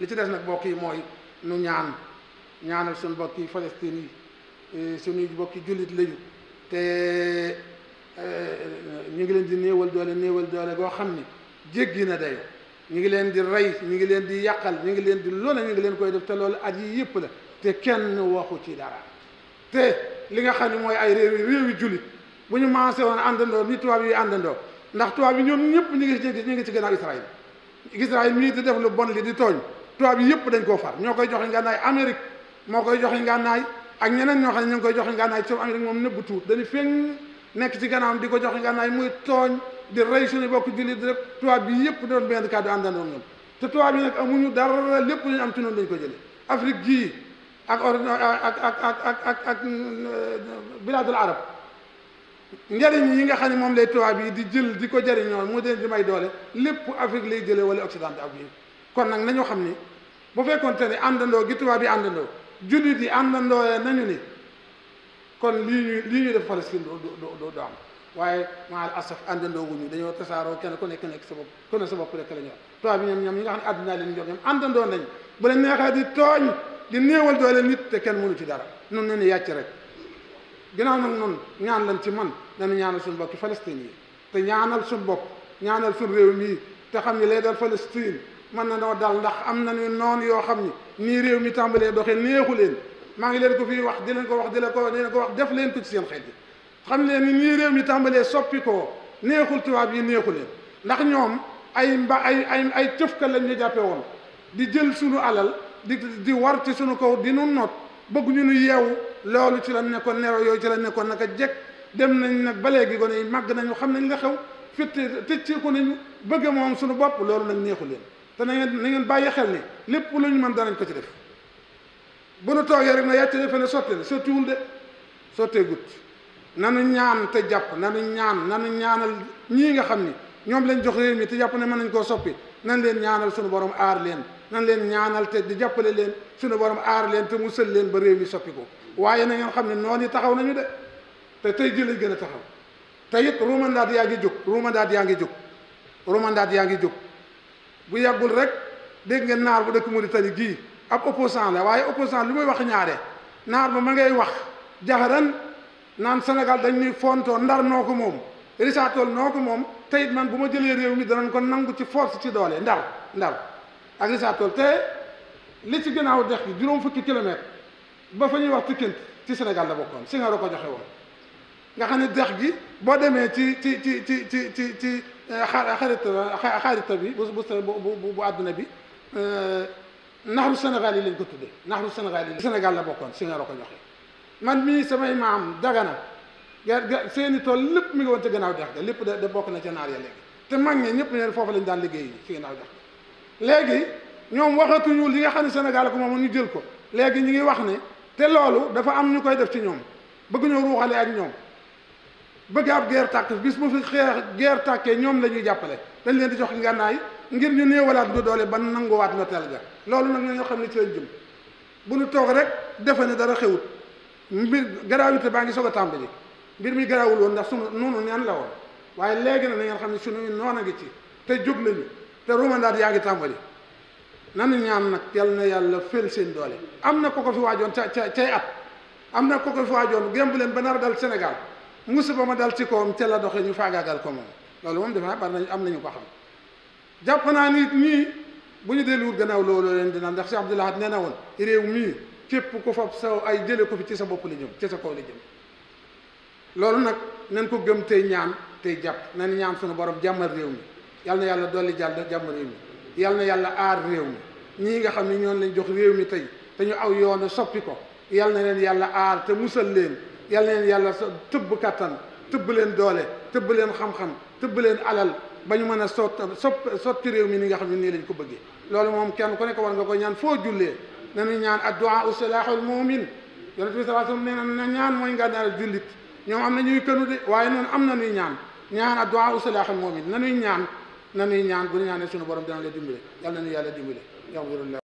li ci des nag mbokk yi mooy nu ñaan ñaanal suñu mbokki Palestine yi eh, suñuy mbokki jullit lañu te eh, ñu ngi leen di néewal doole néewal doole goo xam ni jéggi na dayo ñu ngi leen di rey ñu ngi leen di yàqal ñu ngi leen di lona ñu ngi leen koy def te loolu at yi yëpp la te kenn waxu ci dara te li nga xam ne mooy ay réew réewi jullit bu ñu maasee woon àndandoo ni tubaab yi àndandoo ndax tubaab yi ñoom ñëpp ñu ngi ci ñu ngi ci gannaaw Israël Israël mii di def lu bon li di tooñ tubaab yi yëpp dañ koo far ñoo koy jox joxe ngànnaay Amérique moo koy joxe ngànnaay ak ñeneen ñoo xam ne ñu ngi koy joxe ngànnaay ci Amérique moom nëbbu tuut dañu nekk ci gannaawam di ko joxe ngànnaay muy tooñ di rey suñu bokk jullit di rek tubaab bi yëpp doon benn kàddu àndandoon ñoom te tubaab yi nag amuñu dara lépp lu ñu am ci noonu ko jëlee Afrique gii ak ak ak ak ak ak bilaadul arab njëriñ yi nga xam ne moom lay tubaab yi di jël di ko jëriñoo mu dee di may doole lépp Afrique lay jëlee wala Occident ak yi kon nag nañu xam ni bu fekkoonte ne àndandoo gi tubaab yi àndandoo jullit yi àndandoo nañu ni kon lii ñuy lii ñuy def Palestine du du du am waaye maal asaf àndandoo wuñu dañoo tasaaroo kenn ku nekk nekk sa bopp ku ne sa bopp rek la ñor tubaab yi ñoom ñoom ñi nga xam ne àddinaa leen ñor ñoom àndandoo nañ bu leen neexee di tooñ di néewal doole nit te kenn mënu ci dara nun ne ni yàcc rek ginnaaw nag nun ñaan lan ci man nañu ñaanal suñu bokki Palestine yi te ñaanal suñu bopp ñaanal suñu réew mii te xam ne lay dal Palestine mën na noo dal ndax am na nañu noon yoo xam ni nii réew mi tàmbalee doxee neexu leen maa ngi leen ko fii wax di leen ko wax di leen ko di leen ko wax def leen ko ci seen xel xam leen ni nii réew mi tàmbalee soppi koo neexul tubaab yi neexu leen ndax ñoom ay mba ay ay ay cëfka lañ ñu jàppe woon di jël suñu alal di di war ci suñu kaw di nu noot bëgg ñu nu yeewu loolu ci la nekkoon nero yooyu ci la nekkoon a jekk dem nañ nag ba léegi gone yi màgg nañu xam ne la xew fitt tëcceeku nañu bëgg moom suñu bopp loolu nag neexu leen te na ngeen na ngeen bàyyi xel lépp lu ñu mën danañ ko ci def bu nu toogee rek na yàcc defe ne sotti na sottiwul de sottee gut nanu ñaan te jàpp nanu ñaan nanu ñaanal ñii nga xam ni ñoom lañ jox réew mi te jàpp ne mën nañ koo soppi nan leen ñaanal suñu borom aar leen nan leen ñaanal te di jàppale leen suñu borom aar leen te musal leen ba réew mi soppi ko waaye na ngeen xam ne noon yi taxaw nañu de te tey ji lañ gën a taxaw te it ruumandaat yaa ngi jóg ruumandaat yaa ngi jóg ruumandaat yaa ngi jóg bu yàggul rek dégg ngeen naar bu dëkk Mauritanie gii ab opposant la waaye opposant lu muy wax ñaare naar ba ma ngay wax jaxaran naan Sénégal dañ ñuy fontoo ndar noo ko moom risaatool noo ko moom teyit man bu ma jëlee réew mi danañ ko nangu ci force ci doolee ndar ndar ak risaatool te li ci gannaaw dex gi juróom fukki kilomètre ba fa ñuy wax tikkinti ci Sénégal la bokkoon si nga ko joxe woon nga xam ne dex gi boo demee ci ci ci ci ci ci ci eh, xarita xarita bi bu bu bu àdduna bi eh, naxaru Sénégal yi lañ ko tuddee naxaru Sénégal yi Sénégal la bokkoon si nga ko joxe man mii samay maam dagana ga seeni tool lépp mi ngi woon ci gannaaw dex lépp da bokk na ca naar ya léegi te ñëpp foofu lañ daan liggéey ci gannaaw dex ga léegi ñoom waxatuñu li nga xam ne Sénégal ko moom ñu jël ko léegi ñu ngi wax ne te loolu dafa am ñu koy def ci ñoom bëgg ñoo ruuxale ak ñoom bëgg ab geer tàkk bis bu fi xeex guerre tàkkee ñoom la ñuy jàppale dañ leen di jox ngànnaay ngir ñu néewalaat ñu doole ba nanguwaat noteel ga loolu nag ñoo xam ne ci bu ñu toog rek defe ne dara xewut mbir garaawite baa ngi soog a tàmbali mbir mi garaawul woon ndax sunu noonu ñaan la woon waaye léegi na na ngeen xam ne suñu noon a ngi ci te jóg nañu te rumandaat yaa ngi tàmbali nanu ñaan nag yal na yàlla feel seen doole am na ko ko fi waajoon ca ca cay at am na ko ko fi waajoon gemb leen ba nar dal Sénégal musiba ma dal ci kawam ca la doxee ñu faagaagal ko moom loolu moom defe naa bari nañu am nañu ko xam jàpp naa nit ñii bu ñu dee delluwut gannaaw loolu leen dina ndax Cheikh Abdoul Ahad nee na woon réew mii képp ko fab saw ay jële ko fi ci sa bopp la jëm ci sa kaw la jëm loolu nag nañ ko gëm tey ñaan tey jàpp nañ ñaan suñu borom jàmmal réew mi yal na yàlla dolli jàll jàmm réew mi yal na yàlla aar réew mi ñii nga xam ne ñoon lañ jox réew mi tey te ñu aw yoonu soppi ko yal na leen yàlla aar te musal leen yàlla leen yàlla tëbb kattan tëbb leen doole tëbb leen xam-xam tëbb leen alal ba ñu mën a sott sopp sotti réew mi ni nga xam ne nii lañ ko bëggee loolu moom kenn ku nekk war nga ko ñaan foo jullee nañu ñaan addu'a u salahul mu'min yonent bi sallallahu alayhi wasallam nee na ñaan mooy nga daal jullit ñoom am na ñuy kënu waaye noonu am na ñuy ñaan ñaan addu'a u salahul mu'min nañuy ñaan nañuy ñaan bu ñu ñaanee suñu borom dana la dimbale yàlla nañu yàlla dimbale yawirullah